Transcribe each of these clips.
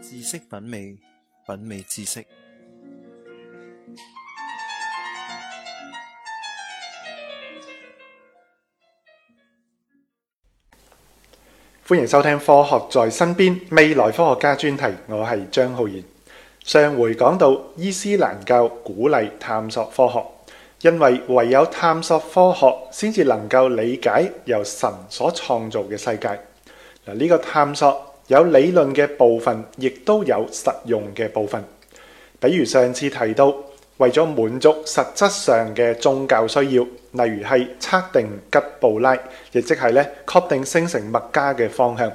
知識品味，品味知識。歡迎收聽《科學在身邊》未來科學家專題，我係張浩然。上回講到伊斯蘭教鼓勵探索科學，因為唯有探索科學，先至能夠理解由神所創造嘅世界。嗱，呢個探索。有理論嘅部分，亦都有實用嘅部分。比如上次提到，為咗滿足實質上嘅宗教需要，例如係測定吉布拉，亦即係咧確定聖城麥加嘅方向，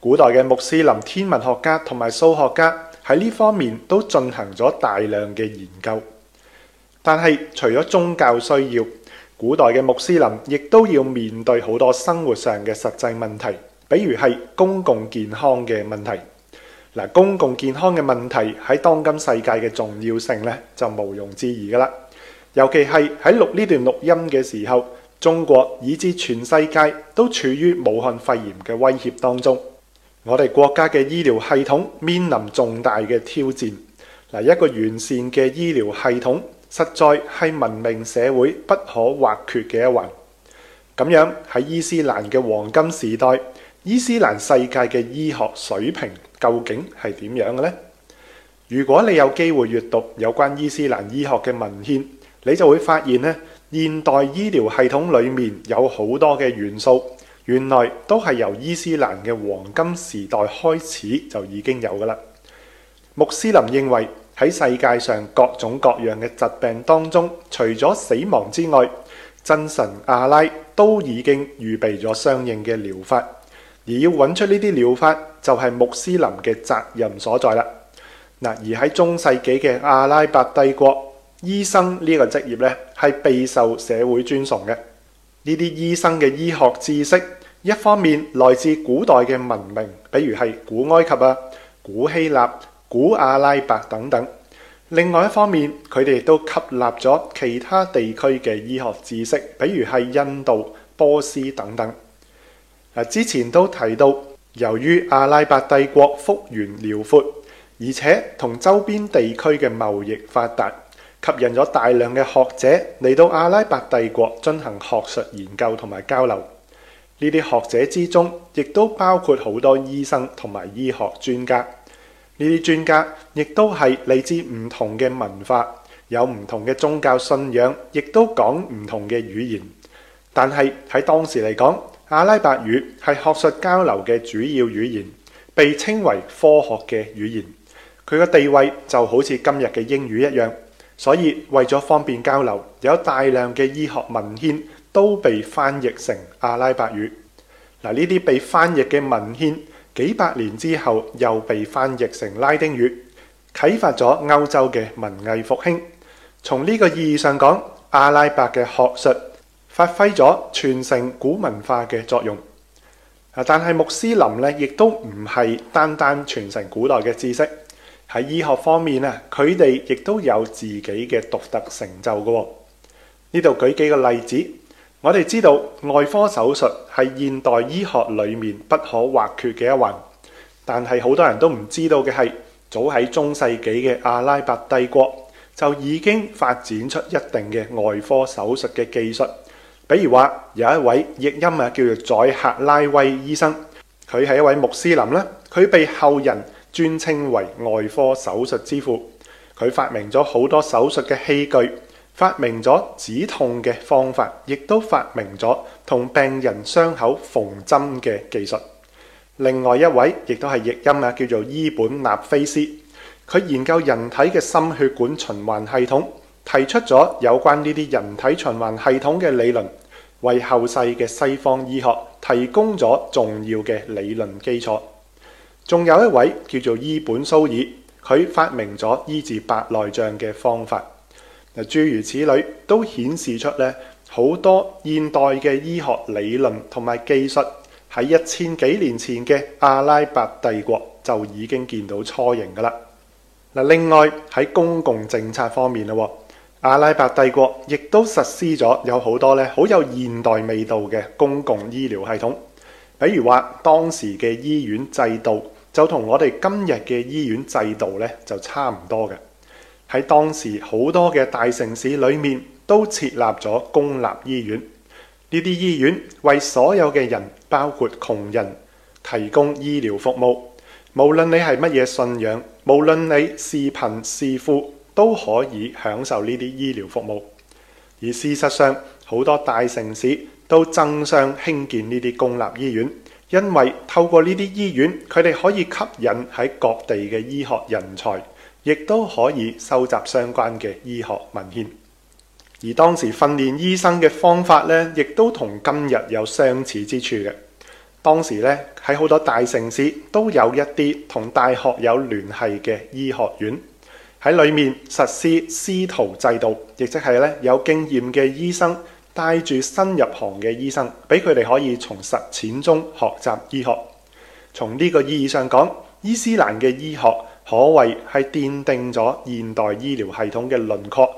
古代嘅穆斯林天文學家同埋數學家喺呢方面都進行咗大量嘅研究。但係除咗宗教需要，古代嘅穆斯林亦都要面對好多生活上嘅實際問題。比如係公共健康嘅問題，嗱，公共健康嘅問題喺當今世界嘅重要性咧，就毋庸置疑㗎喇。尤其係喺錄呢段錄音嘅時候，中國以至全世界都處於武漢肺炎嘅威脅當中，我哋國家嘅醫療系統面臨重大嘅挑戰。嗱，一個完善嘅醫療系統，實在係文明社會不可或缺嘅一環。咁樣喺伊斯蘭嘅黃金時代，伊斯蘭世界嘅醫學水平究竟係點樣嘅呢？如果你有機會閱讀有關伊斯蘭醫學嘅文獻，你就會發現咧，現代醫療系統裏面有好多嘅元素，原來都係由伊斯蘭嘅黃金時代開始就已經有㗎喇。穆斯林認為，喺世界上各種各樣嘅疾病當中，除咗死亡之外，真神阿拉都已經預備咗相應嘅療法。而要揾出呢啲療法，就係穆斯林嘅責任所在啦。嗱，而喺中世紀嘅阿拉伯帝國，醫生呢個職業呢，係備受社會尊崇嘅。呢啲醫生嘅醫學知識，一方面來自古代嘅文明，比如係古埃及啊、古希臘、古阿拉伯等等；另外一方面，佢哋都吸納咗其他地區嘅醫學知識，比如係印度、波斯等等。嗱，之前都提到，由於阿拉伯帝國幅員遼闊，而且同周邊地區嘅貿易發達，吸引咗大量嘅學者嚟到阿拉伯帝國進行學術研究同埋交流。呢啲學者之中，亦都包括好多醫生同埋醫學專家。呢啲專家亦都係嚟自唔同嘅文化，有唔同嘅宗教信仰，亦都講唔同嘅語言。但係喺當時嚟講，阿拉伯語係學術交流嘅主要語言，被稱為科學嘅語言。佢個地位就好似今日嘅英語一樣，所以為咗方便交流，有大量嘅醫學文獻都被翻譯成阿拉伯語。嗱，呢啲被翻譯嘅文獻幾百年之後又被翻譯成拉丁語，啟發咗歐洲嘅文藝復興。從呢個意義上講，阿拉伯嘅學術發揮咗傳承古文化嘅作用，但係穆斯林咧，亦都唔係單單傳承古代嘅知識。喺醫學方面啊，佢哋亦都有自己嘅獨特成就㗎。呢度舉幾個例子，我哋知道外科手術係現代醫學裏面不可或缺嘅一環，但係好多人都唔知道嘅係，早喺中世紀嘅阿拉伯帝國就已經發展出一定嘅外科手術嘅技術。比如話，有一位譯音啊，叫做宰赫拉威醫生，佢係一位穆斯林啦。佢被後人尊稱為外科手術之父。佢發明咗好多手術嘅器具，發明咗止痛嘅方法，亦都發明咗同病人傷口縫針嘅技術。另外一位亦都係譯音啊，叫做伊本納菲斯。佢研究人體嘅心血管循環系統，提出咗有關呢啲人體循環系統嘅理論。為後世嘅西方醫學提供咗重要嘅理論基礎，仲有一位叫做伊本蘇爾，佢發明咗醫治白內障嘅方法。嗱，諸如此類，都顯示出咧好多現代嘅醫學理論同埋技術喺一千幾年前嘅阿拉伯帝國就已經見到雛形㗎喇。另外喺公共政策方面阿拉伯帝國亦都實施咗有好多咧好有現代味道嘅公共醫療系統，比如話當時嘅醫院制度就同我哋今日嘅醫院制度咧就差唔多嘅。喺當時好多嘅大城市裏面都設立咗公立醫院，呢啲醫院為所有嘅人，包括窮人，提供醫療服務。無論你係乜嘢信仰，無論你是貧是富，都可以享受呢啲醫療服務。而事實上，好多大城市都爭相興建呢啲公立醫院，因為透過呢啲醫院，佢哋可以吸引喺各地嘅醫學人才，亦都可以收集相關嘅醫學文獻。而當時訓練醫生嘅方法呢，亦都同今日有相似之處嘅。當時呢，喺好多大城市都有一啲同大學有聯繫嘅醫學院。喺裏面實施師徒制度，亦即係咧，有經驗嘅醫生帶住新入行嘅醫生，俾佢哋可以從實踐中學習醫學。從呢個意義上講，伊斯蘭嘅醫學可謂係奠定咗現代醫療系統嘅輪廓，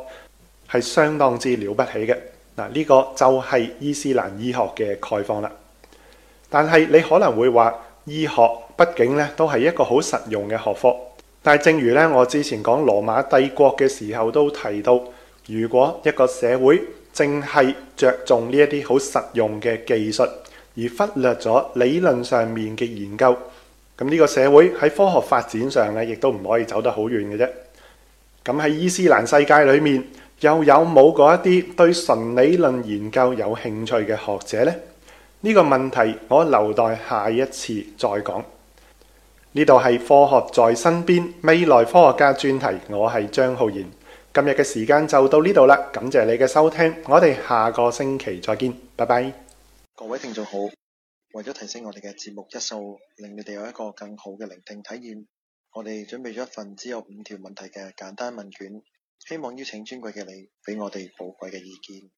係相當之了不起嘅。嗱，呢個就係伊斯蘭醫學嘅概況啦。但係你可能會話，醫學畢竟咧都係一個好實用嘅學科。但係正如咧，我之前講羅馬帝國嘅時候都提到，如果一個社會淨係着重呢一啲好實用嘅技術，而忽略咗理論上面嘅研究，咁呢個社會喺科學發展上咧，亦都唔可以走得好遠嘅啫。咁喺伊斯蘭世界裏面，又有冇嗰一啲對純理論研究有興趣嘅學者呢？呢個問題我留待下一次再講。呢度係科學在身邊未來科學家專題，我係張浩然。今日嘅時間就到呢度啦，感謝你嘅收聽，我哋下個星期再見，拜拜。各位聽眾好，為咗提升我哋嘅節目質素，令你哋有一個更好嘅聆聽體驗，我哋準備咗一份只有五條問題嘅簡單問卷，希望邀請尊貴嘅你俾我哋寶貴嘅意見。